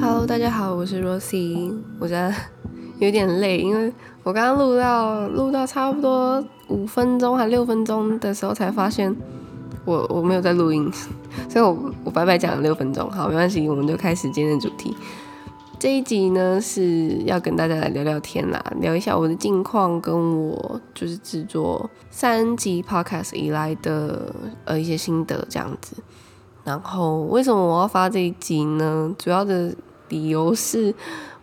Hello，大家好，我是 Rosie。我覺得有點累，因為我剛剛錄到錄到差不多五分鐘還六分鐘的時候，才發現我我沒有在錄音，所以我我白白講了六分鐘。好，沒關係，我們就開始今天的主題。這一集呢，是要跟大家來聊聊天啦，聊一下我的近況，跟我就是制作三集 podcast 以來的呃一些心得這樣子。然後為什麼我要發這一集呢？主要的理由是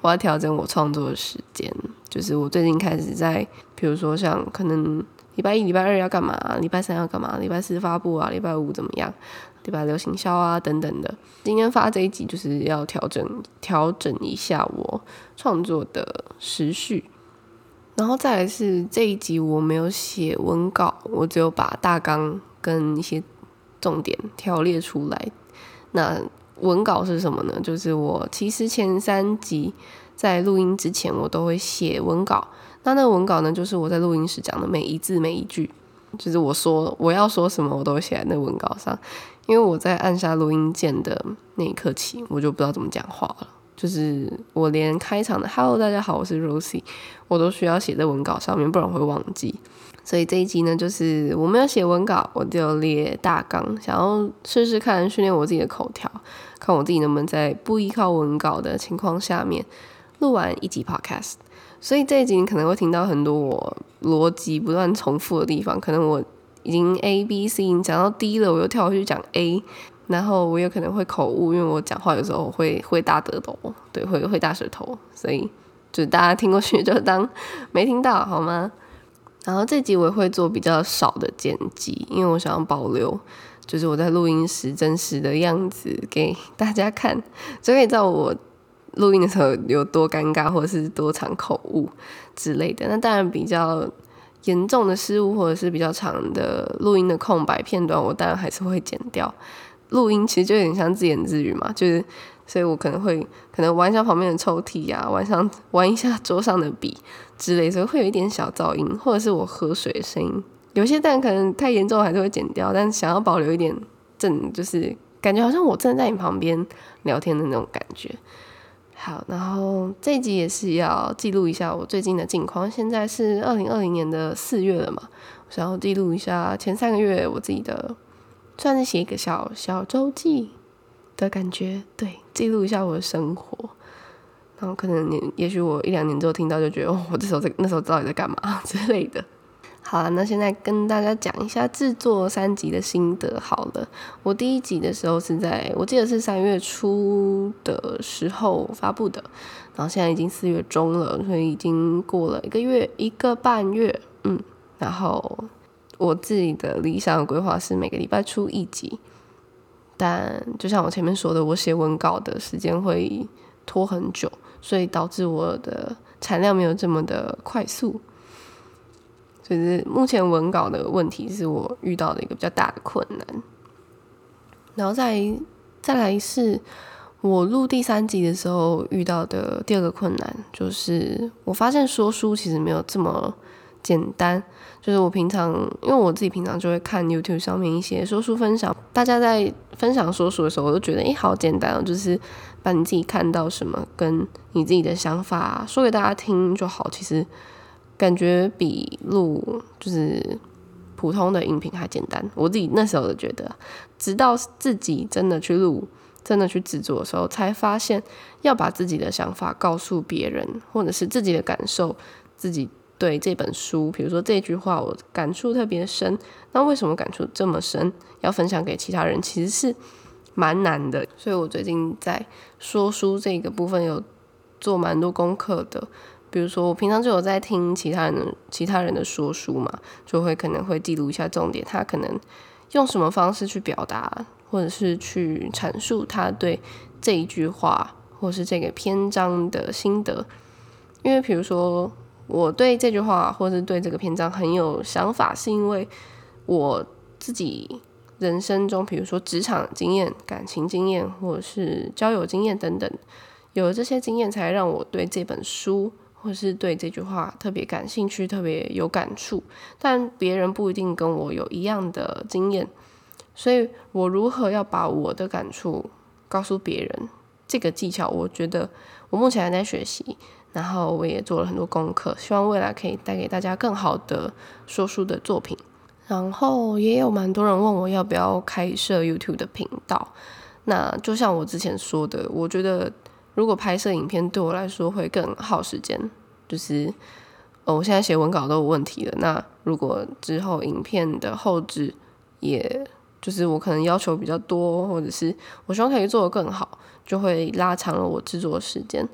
我要調整我創作的時間，就是我最近開始在，比如說像可能禮拜一、禮拜二要幹嘛啊，禮拜三要幹嘛啊，禮拜四發布啊，禮拜五怎麼樣。對吧？流行銷啊等等的。今天發這一集就是要調整調整一下我創作的時序，然後再來是這一集我沒有寫文稿，我只有把大綱跟一些重點條列出來。那文稿是什麼呢？就是我其實前三集在錄音之前我都會寫文稿，那那個文稿呢，就是我在錄音時講的每一字每一句，就是我說我要說什麼，我都寫在那文稿上。因為我在按下錄音鍵的那一刻起，我就不知道怎麼講話了。就是我連開場的 “Hello，大家好，我是 Rosie”，我都需要寫在文稿上面，不然會忘記。所以這一集呢，就是我沒有寫文稿，我就列大綱，想要試試看訓練我自己的口條，看我自己能不能在不依靠文稿的情況下面錄完一集 Podcast。所以這一集你可能會聽到很多我邏輯不斷重複的地方，可能我。已經 A B C，你講到 D 了，我又跳回去講 A，然後我有可能會口誤，因為我講話有時候會會大舌頭，對，會會大舌頭，所以就大家聽過去就當沒聽到好嗎？然後這集我也會做比較少的剪輯，因為我想要保留就是我在錄音時真實的樣子給大家看，所以在我錄音的時候有多尷尬或者是多常口誤之類的。那當然比較。嚴重的失誤或者是比較長的錄音的空白片段，我當然還是會剪掉。錄音其實就有點像自言自語嘛，就是，所以我可能會可能玩一下旁邊的抽屜呀，玩上玩一下桌上的筆之類，所以會有一點小噪音，或者是我喝水的聲音。有些但可能太嚴重還是會剪掉，但想要保留一點正，就是感覺好像我站在你旁邊聊天的那種感覺。好，然後這集也是要記錄一下我最近的近況。現在是二零二零年的四月了嘛，想要記錄一下前三個月我自己的，算是寫一個小小周記的感覺，對，記錄一下我的生活。然後可能你，也許我一兩年之後聽到就覺得，哦，我這時候在那時候到底在幹嘛之類的。好了，那現在跟大家講一下製作三集的心得好了。我第一集的時候是在，我記得是三月初的時候發布的，然後現在已經四月中了，所以已經過了一個月一個半月。嗯，然後我自己的理想的規劃是每個禮拜出一集，但就像我前面說的，我寫文稿的時間會拖很久，所以導致我的產量沒有這麼的快速。可是目前文稿的問題是我遇到的一個比較大的困難，然後再再來是，我錄第三集的時候遇到的第二個困難就是，我發現說書其實沒有這麼簡單，就是我平常因為我自己平常就會看 YouTube 上面一些說書分享，大家在分享說書的時候，我都覺得誒，好簡單哦，就是把你自己看到什麼跟你自己的想法說給大家聽就好，其實。感覺比錄就是普通的音頻還簡單，我自己那時候就覺得，直到自己真的去錄、真的去製作的時候，才發現要把自己的想法告訴別人，或者是自己的感受，自己對這本書，比如說這句話，我感觸特別深，那為什麼感觸這麼深？要分享給其他人，其實是蠻難的。所以我最近在說書這個部分有做蠻多功課的。比如說，我平常就有在聽其他人的其他人的說書嘛，就會可能會記錄一下重點，他可能用什麼方式去表達，或者是去闡述他對這一句話或者是這個篇章的心得。因為比如說，我對這句話或者是對這個篇章很有想法，是因為我自己人生中，比如說職場經驗、感情經驗，或者是交友經驗等等，有了這些經驗，才讓我對這本書。或是對這句話特別感興趣，特別有感觸，但別人不一定跟我有一樣的經驗，所以我如何要把我的感觸告訴別人？這個技巧，我覺得我目前還在學習，然後我也做了很多功課，希望未來可以帶給大家更好的說書的作品。然後也有蠻多人問我要不要開設 YouTube 的頻道，那就像我之前說的，我覺得。如果拍攝影片，對我來說會更耗時間，就是呃、哦，我現在寫文稿都有問題了。那如果之後影片的後製，也就是我可能要求比較多，或者是我希望可以做得更好，就會拉長了我製作的時間。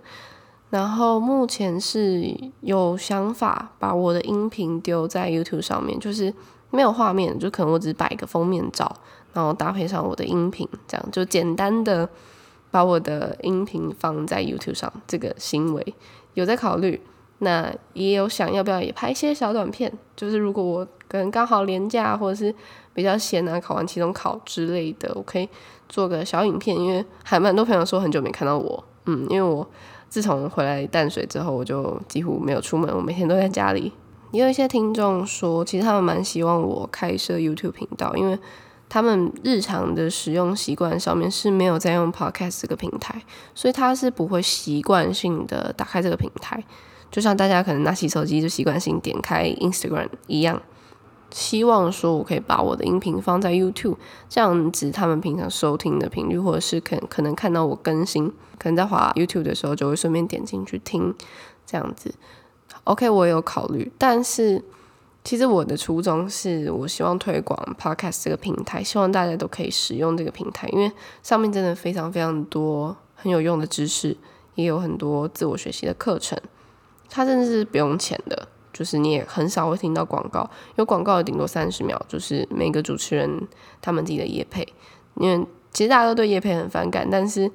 然後目前是有想法把我的音頻丟在 YouTube 上面，就是沒有畫面，就可能我只擺個封面照，然後搭配上我的音頻，這樣就簡單的。把我的音頻放在 YouTube 上，這個行為有在考慮。那也有想要不要也拍一些小短片，就是如果我可能剛好年假，或者是比較閒啊，考完期中考之類的，我可以做個小影片。因為還蠻多朋友說很久沒看到我，嗯，因為我自從回來淡水之後，我就幾乎沒有出門，我每天都在家裡。也有一些聽眾說，其實他們蠻希望我開設 YouTube 頻道，因為。他們日常的使用習慣上面是沒有在用 Podcast 這個平台，所以他是不會習慣性的打開這個平台，就像大家可能拿起手機就習慣性點開 Instagram 一樣。希望說我可以把我的音頻放在 YouTube 這樣子，他們平常收聽的頻率，或者是可能可能看到我更新，可能在滑 YouTube 的時候就會順便點進去聽這樣子。OK，我也有考慮，但是。其實我的初衷是，我希望推廣 Podcast 這個平台，希望大家都可以使用這個平台，因為上面真的非常非常多很有用的知識，也有很多自我學習的課程。它真的是不用錢的，就是你也很少會聽到廣告，有廣告也頂多三十秒，就是每個主持人他們自己的業配。因為其實大家都對業配很反感，但是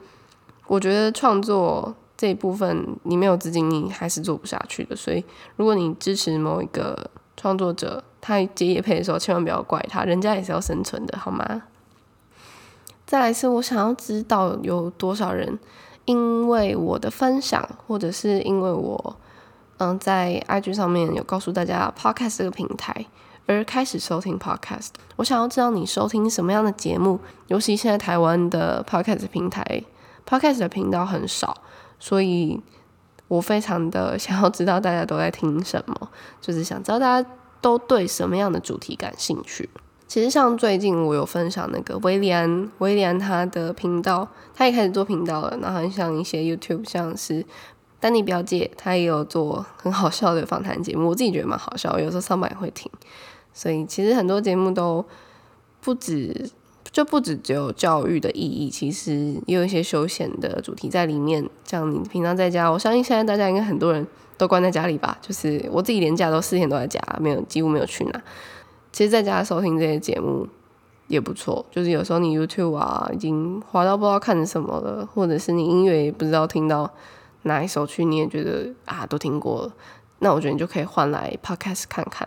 我覺得創作這一部分你沒有資金，你還是做不下去的。所以如果你支持某一個，創作者他接業配的時候，千萬不要怪他，人家也是要生存的，好嗎？再來是，我想要知道有多少人因為我的分享，或者是因為我，嗯、呃，在 IG 上面有告訴大家 Podcast 這個平台，而開始收聽 Podcast。我想要知道你收聽什麼樣的節目，尤其現在台灣的 Podcast 的平台，Podcast 的頻道很少，所以。我非常的想要知道大家都在聽什麼，就是想知道大家都對什麼樣的主題感興趣。其實像最近我有分享那個威廉，威廉他的頻道，他也開始做頻道了。然後像一些 YouTube，像是丹尼表姐，他也有做很好笑的訪談節目，我自己覺得蠻好笑，有時候上班也會聽。所以其實很多節目都不止。就不止只有教育的意義，其實也有一些休閒的主題在裡面。像你平常在家，我相信現在大家應該很多人都關在家裡吧。就是我自己連假都四天都在家，沒有幾乎沒有去哪。其實在家收聽這些節目也不錯。就是有時候你 YouTube 啊，已經滑到不知道看什麼了，或者是你音樂也不知道聽到哪一首曲，你也覺得啊都聽過了。那我覺得你就可以換來 Podcast 看看。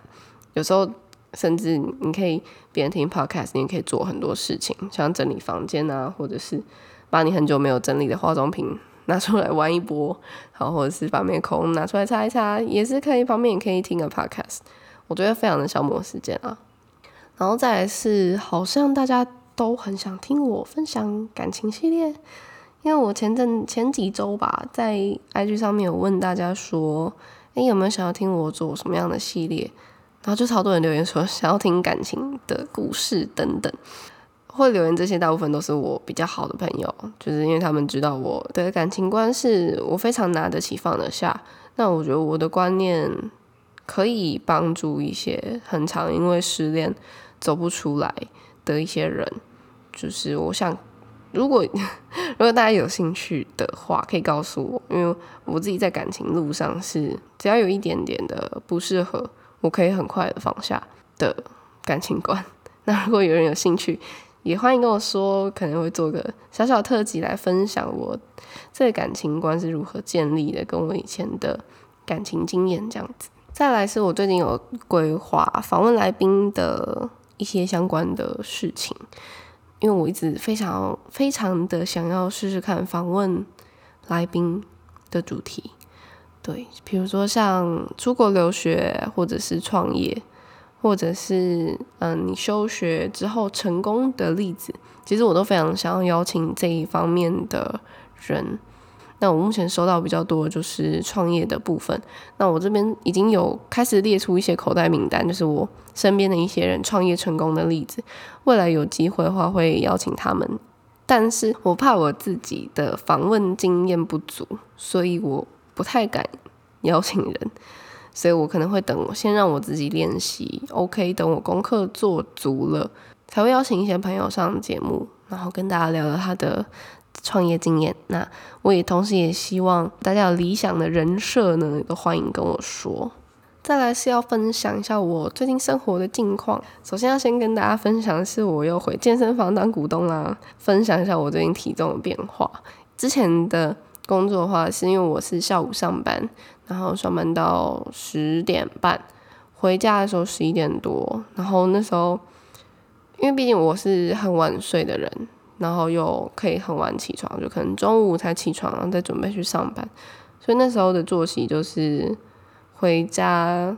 有時候，甚至你可以別人聽 podcast，你也可以做很多事情，像整理房間啊，或者是把你很久沒有整理的化妝品拿出來玩一波，然後或者是把面孔拿出來擦一擦也是可以，旁邊也可以聽個 podcast，我覺得非常的消磨時間啊。然後再來是好像大家都很想聽我分享感情系列，因為我前陣前幾周吧，在 IG 上面有問大家說，哎、欸、有沒有想要聽我做什麼樣的系列？然後就超多人留言說想要聽感情的故事等等。會留言這些大部分都是我比較好的朋友，就是因為他們知道我的感情觀是，我非常拿得起放得下。那我覺得我的觀念可以幫助一些很常因為失戀走不出來的一些人。就是我想，如果如果大家有興趣的話，可以告訴我，因為我自己在感情路上是只要有一點點的不適合。我可以很快的放下的感情觀。那如果有人有興趣，也歡迎跟我說，可能會做個小小特輯來分享我這個感情觀是如何建立的，跟我以前的感情經驗這樣子。再來是我最近有規劃訪問來賓的一些相關的事情，因為我一直非常非常的想要試試看訪問來賓的主題。對，比如說像出國留學，或者是創業，或者是嗯、呃，你休學之後成功的例子，其實我都非常想要邀請這一方面的人。那我目前收到比較多就是創業的部分。那我這邊已經有開始列出一些口袋名單，就是我身邊的一些人創業成功的例子。未來有機會的話會邀請他們，但是我怕我自己的訪問經驗不足，所以我，不太敢邀請人，所以我可能會等，先讓我自己練習。OK，等我功課做足了，才會邀請一些朋友上節目，然後跟大家聊聊他的創業經驗。那我也同時也希望大家有理想的人設呢，都歡迎跟我說。再來是要分享一下我最近生活的近況。首先要先跟大家分享的是，我又回健身房當股東啦。分享一下我最近體重的變化，之前的。工作的話，是因為我是下午上班，然後上班到十點半，回家的時候十一點多。然後那時候，因為畢竟我是很晚睡的人，然後又可以很晚起床，就可能中午才起床，然後再準備去上班。所以那時候的作息就是回家，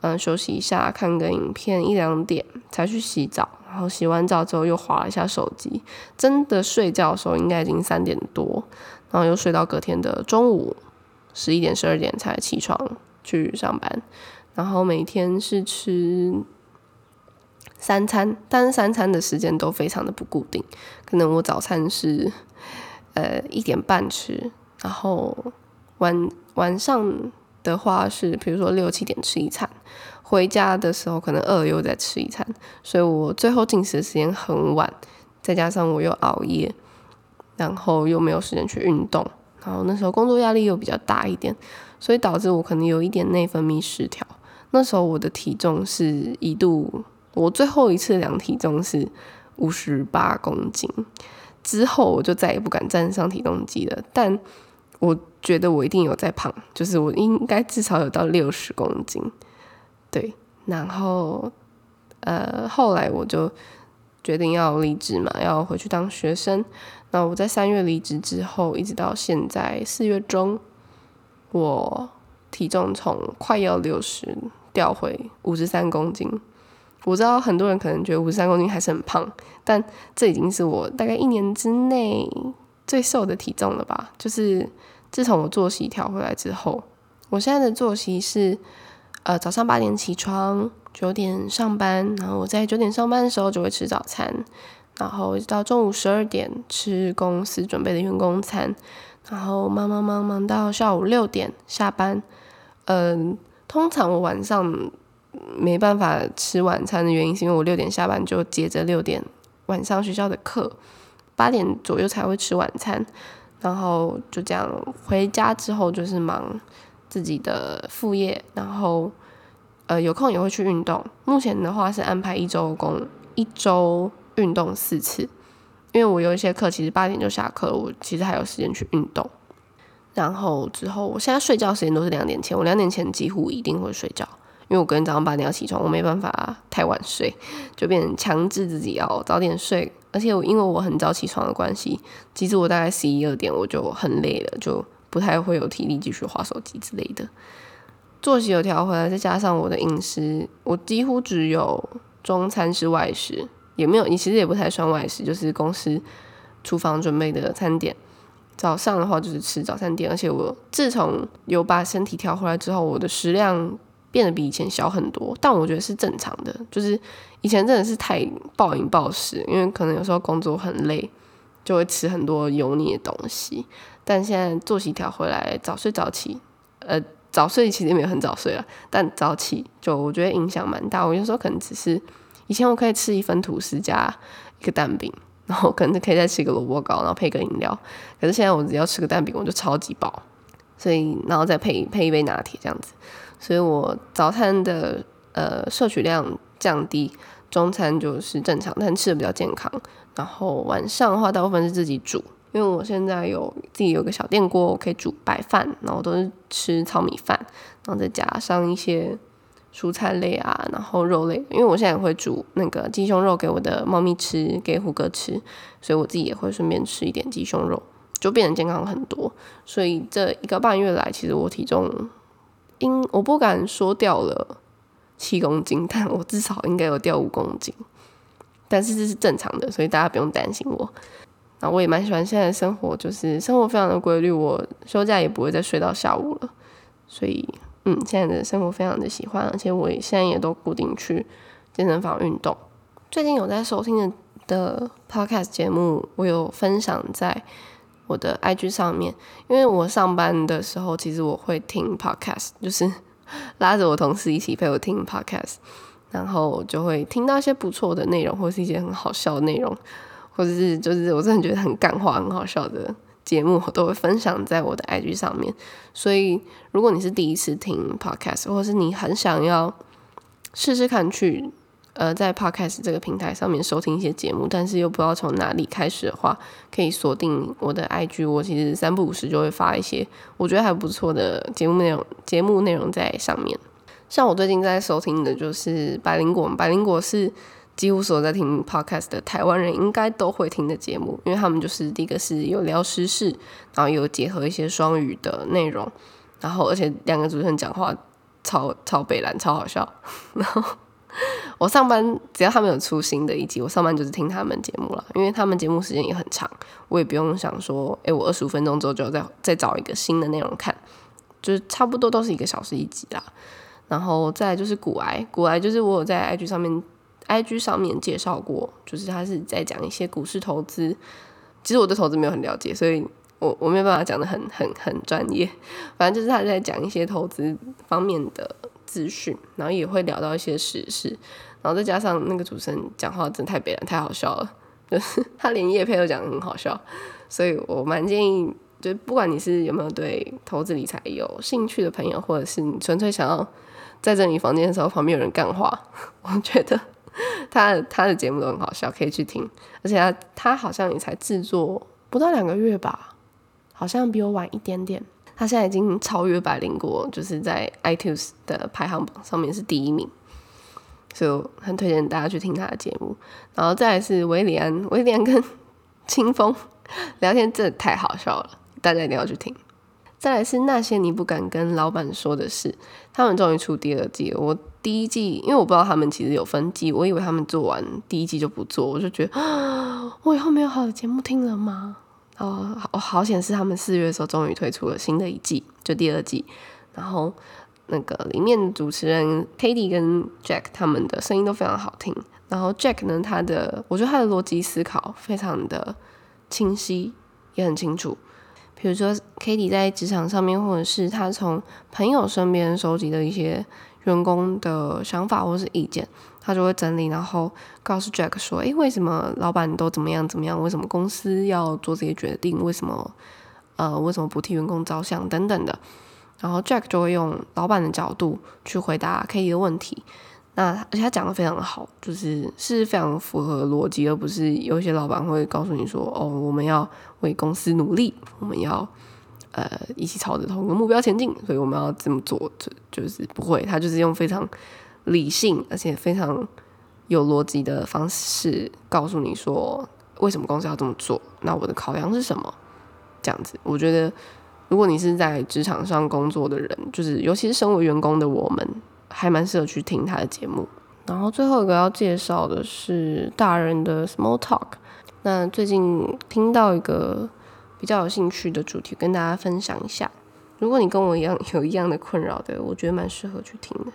嗯，休息一下，看個影片，一兩點才去洗澡。然後洗完澡之後又滑一下手機，真的睡覺的時候應該已經三點多。然後又睡到隔天的中午，十一點十二點才起床去上班，然後每天是吃三餐，但是三餐的時間都非常的不固定，可能我早餐是呃一點半吃，然後晚晚上的話是比如說六七點吃一餐，回家的時候可能餓了又再吃一餐，所以我最後進食的時間很晚，再加上我又熬夜。然後又沒有時間去運動，然後那時候工作壓力又比較大一點，所以導致我可能有一點內分泌失調。那時候我的體重是一度，我最後一次量體重是五十八公斤，之後我就再也不敢站上體重機了。但我覺得我一定有在胖，就是我應該至少有到六十公斤。對，然後呃，後來我就。決定要離職嘛，要回去當學生。那我在三月離職之後，一直到現在四月中，我體重從快要六十掉回五十三公斤。我知道很多人可能覺得五十三公斤還是很胖，但這已經是我大概一年之內最瘦的體重了吧？就是自從我作息調回來之後，我現在的作息是，呃，早上八點起床。九點上班，然後我在九點上班的時候就會吃早餐，然後到中午十二點吃公司準備的員工餐，然後忙忙忙忙到下午六點下班，嗯、呃，通常我晚上沒辦法吃晚餐的原因是因為我六點下班就接着六點晚上學校的課，八點左右才會吃晚餐，然後就這樣回家之後就是忙自己的副業，然後。呃，有空也會去運動。目前的話是安排一周工，一周運動四次。因為我有一些課，其實八點就下課，我其實還有時間去運動。然後之後，我現在睡覺時間都是兩點前。我兩點前幾乎一定會睡覺，因為我隔天早上八點要起床，我沒辦法太晚睡，就變成強制自己要早點睡。而且我因為我很早起床的關係，其實我大概十一二點我就很累了，就不太會有體力繼續滑手機之類的。作息有調回來，再加上我的飲食，我幾乎只有中餐是外食，也沒有，你其實也不太算外食，就是公司廚房準備的餐點。早上的話就是吃早餐點，而且我自從有把身體調回來之後，我的食量變得比以前小很多，但我覺得是正常的，就是以前真的是太暴飲暴食，因為可能有時候工作很累，就會吃很多油膩的東西。但現在作息調回來，早睡早起，呃。早睡其實也沒有很早睡啊，但早起就我覺得影響蠻大。我有時候可能只是以前我可以吃一份吐司加一個蛋餅，然後可能就可以再吃一個蘿蔔糕，然後配個飲料。可是現在我只要吃個蛋餅，我就超級飽。所以然後再配配一杯拿鐵這樣子。所以我早餐的呃攝取量降低，中餐就是正常，但吃的比較健康，然後晚上的話，大部分是自己煮。因為我現在有自己有個小電鍋，我可以煮白飯，然後都是吃糙米飯，然後再加上一些蔬菜類啊，然後肉類。因為我現在也會煮那個雞胸肉給我的貓咪吃，給虎哥吃，所以我自己也會順便吃一點雞胸肉，就變得健康很多。所以這一個半月來，其實我體重應我不敢說掉了七公斤，但我至少應該有掉五公斤。但是這是正常的，所以大家不用擔心我。然後我也蠻喜歡現在的生活，就是生活非常的規律，我休假也不會再睡到下午了，所以嗯，現在的生活非常的喜歡，而且我現在也都固定去健身房運動。最近有在收聽的的 podcast 節目，我有分享在我的 IG 上面，因為我上班的時候其實我會聽 podcast，就是拉着我同事一起陪我聽 podcast，然後就會聽到一些不錯的內容，或者是一些很好笑的內容。或是就是我真的覺得很幹話、很好笑的節目，我都會分享在我的 IG 上面。所以如果你是第一次聽 podcast，或是你很想要試試看去，呃，在 podcast 這個平台上面收聽一些節目，但是又不知道從哪裡開始的話，可以鎖定我的 IG，我其實三不五時就會發一些我覺得還不錯的節目內容。節目內容在上面，像我最近在收聽的就是百靈果，百靈果是。幾乎所有在聽 Podcast 的台灣人應該都會聽的節目，因為他們就是第一個是有聊時事，然後有結合一些雙語的內容，然後而且兩個主持人講話超超北爛，超好笑。然後我上班只要他們有出新的一集，我上班就是聽他們節目了，因為他們節目時間也很長，我也不用想說，哎、欸，我二十五分鐘之後就要再再找一個新的內容看，就是差不多都是一個小時一集啦。然後再就是股癌，股癌就是我有在 IG 上面。IG 上面介紹過，就是他是在講一些股市投資。其實我對投資沒有很了解，所以我我沒有辦法講的很很很專業。反正就是他是在講一些投資方面的資訊，然後也會聊到一些時事，然後再加上那個主持人講話真的太悲了，太好笑了，就是他連業配都講的很好笑。所以我蠻建議，就不管你是有沒有對投資理財有興趣的朋友，或者是你純粹想要在整理房間的時候旁邊有人幹話，我覺得。他他的節目都很好笑，可以去聽。而且他他好像也才製作不到兩個月吧，好像比我晚一點點。他現在已經超越百靈果，就是在 iTunes 的排行榜上面是第一名，所以我很推薦大家去聽他的節目。然後再來是韋禮安，韋禮安跟清風聊天真的太好笑了，大家一定要去聽。再來是那些你不敢跟老板說的事，他們終於出第二季了，我。第一季，因為我不知道他們其實有分季，我以為他們做完第一季就不做，我就覺得，啊，我以後沒有好的節目聽了嗎？哦，我好險是他們四月的時候終於推出了新的一季，就第二季。然後那個裡面的主持人 Katie 跟 Jack 他們的聲音都非常好聽。然後 Jack 呢，他的我覺得他的邏輯思考非常的清晰，也很清楚。比如說 Katie 在職場上面，或者是他從朋友身邊收集的一些。員工的想法或是意見，他就會整理，然後告訴 Jack 說：“誒，為什麼老闆都怎麼樣怎麼樣？為什麼公司要做這些決定？為什麼，呃，為什麼不替員工着想等等的？”然後 Jack 就會用老闆的角度去回答 K 的問題。那而且他講得非常好，就是是非常符合邏輯，而不是有些老闆會告訴你說：“哦，我們要為公司努力，我們要。”呃，一起朝着同一個目標前進，所以我們要這麼做，這就是不會。他就是用非常理性而且非常有邏輯的方式告訴你說，為什麼公司要這麼做，那我的考量是什麼？這樣子，我覺得如果你是在職場上工作的人，就是尤其是身為員工的我們，還蠻適合去聽他的節目。然後最後一個要介紹的是大人的 Small Talk，那最近聽到一個。比較有興趣的主題跟大家分享一下。如果你跟我一樣有一樣的困擾的，我覺得蠻適合去聽的。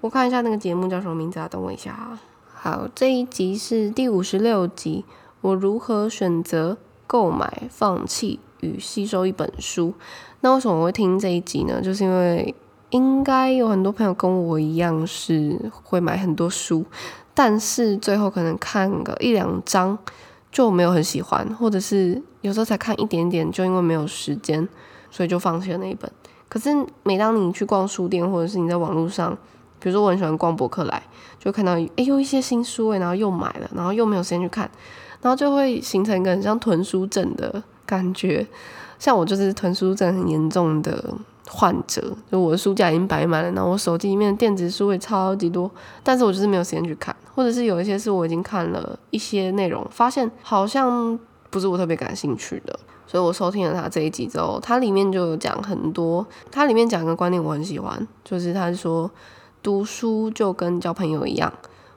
我看一下那個節目叫什麼名字啊？等我一下啊。好，這一集是第五十六集。我如何選擇購買、放棄與吸收一本書？那為什麼我會聽這一集呢？就是因為應該有很多朋友跟我一樣是會買很多書，但是最後可能看個一兩章就沒有很喜歡，或者是。有時候才看一點點，就因為沒有時間，所以就放棄了那一本。可是每當你去逛書店，或者是你在網絡上，比如說我很喜歡逛博客來，就看到哎、欸、有一些新書誒、欸，然後又買了，然後又沒有時間去看，然後就會形成一個很像囤書症的感覺。像我就是囤書症很嚴重的患者，就我的書架已經擺滿了，然後我手機裡面的電子書也超級多，但是我就是沒有時間去看，或者是有一些是我已經看了一些內容，發現好像。不是我特別感興趣的，所以我收聽了他這一集之後，他裡面就有講很多。他裡面講一個觀念我很喜歡，就是他說讀書就跟交朋友一樣，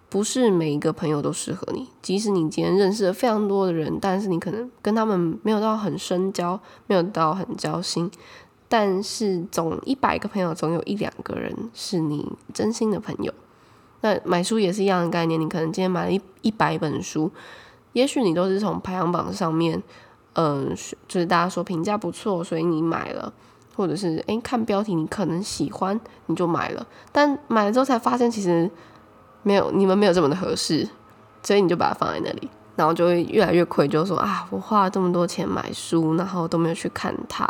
不是每一個朋友都適合你。即使你今天認識了非常多的人，但是你可能跟他們沒有到很深交，沒有到很交心。但是總一百個朋友，總有一兩個人是你真心的朋友。那買書也是一樣的概念，你可能今天買了一一百本書。也許你都是從排行榜上面，嗯，就是大家說評價不錯，所以你買了，或者是誒、欸，看標題你可能喜歡，你就買了，但買了之後才發現其實沒有你們沒有這麼的合適，所以你就把它放在那裡，然後就會越來越愧疚，就說啊，我花了這麼多錢買書，然後都沒有去看它，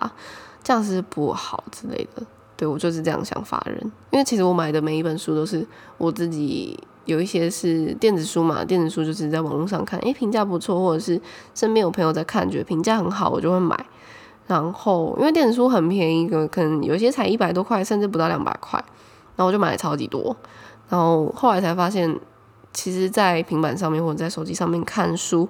這樣是不好之類的。對，我就是這樣想法的人，因為其實我買的每一本書都是我自己。有一些是電子書嘛，電子書就是在網絡上看，哎、欸，評價不錯，或者是身邊有朋友在看，覺得評價很好，我就會買。然後因為電子書很便宜，可能有些才一百多塊，甚至不到兩百塊，然後我就買了超級多。然後後來才發現，其實，在平板上面或者在手機上面看書，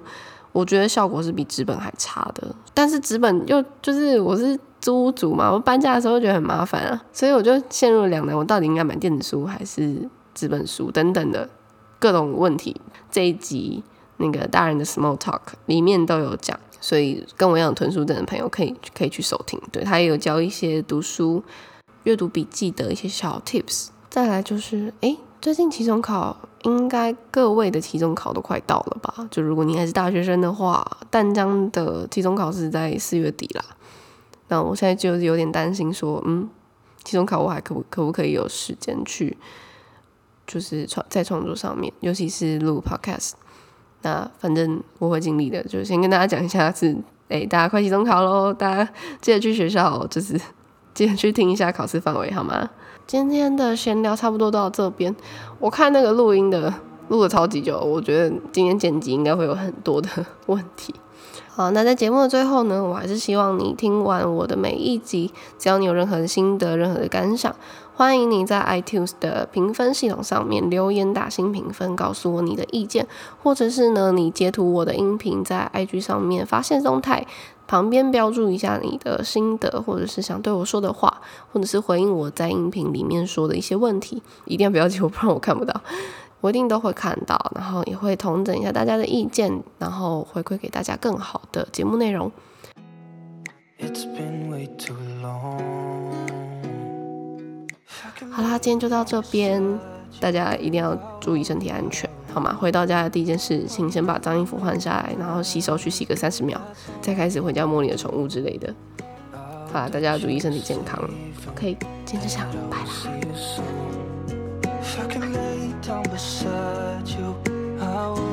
我覺得效果是比紙本還差的。但是紙本又就是我是租屋主嘛，我搬家的時候就覺得很麻煩啊，所以我就陷入了兩難，我到底應該買電子書還是？紙本書等等的各種問題，這一集那個大人的 small talk 裡面都有講，所以跟我一樣囤書等的朋友可以可以去收聽。對他也有教一些讀書閱讀筆記的一些小 tips。再來就是，哎、欸，最近期中考，應該各位的期中考都快到了吧？就如果你還是大學生的話，淡江的期中考試在四月底啦。那我現在就有點擔心說，嗯，期中考我還可不可不可以有時間去？就是創在創作上面，尤其是錄 Podcast，那反正我會盡力的。就先跟大家講一下是，是、欸、哎，大家快期中考嘍，大家記得去學校，就是記得去聽一下考試範圍，好嗎？今天的閒聊差不多到這邊。我看那個錄音的錄了超級久，我覺得今天剪輯應該會有很多的問題。好，那在節目的最後呢，我還是希望你聽完我的每一集，只要你有任何的心得、任何的感想。歡迎你在 iTunes 的評分系統上面留言打星評分，告訴我你的意見，或者是呢，你截圖我的音頻在 IG 上面發現動態，旁邊標注一下你的心得，或者是想對我說的話，或者是回應我在音頻裡面說的一些問題，一定要標記我，不然我看不到，我一定都會看到，然後也會統整一下大家的意見，然後回饋給大家更好的節目內容。It's been way too long 好啦，今天就到這邊，大家一定要注意身體安全，好嗎？回到家的第一件事情，請先把髒衣服換下來，然後洗手去洗個三十秒，再開始回家摸你的寵物之類的。好啦，大家要注意身體健康，可以，今天就這樣，拜啦。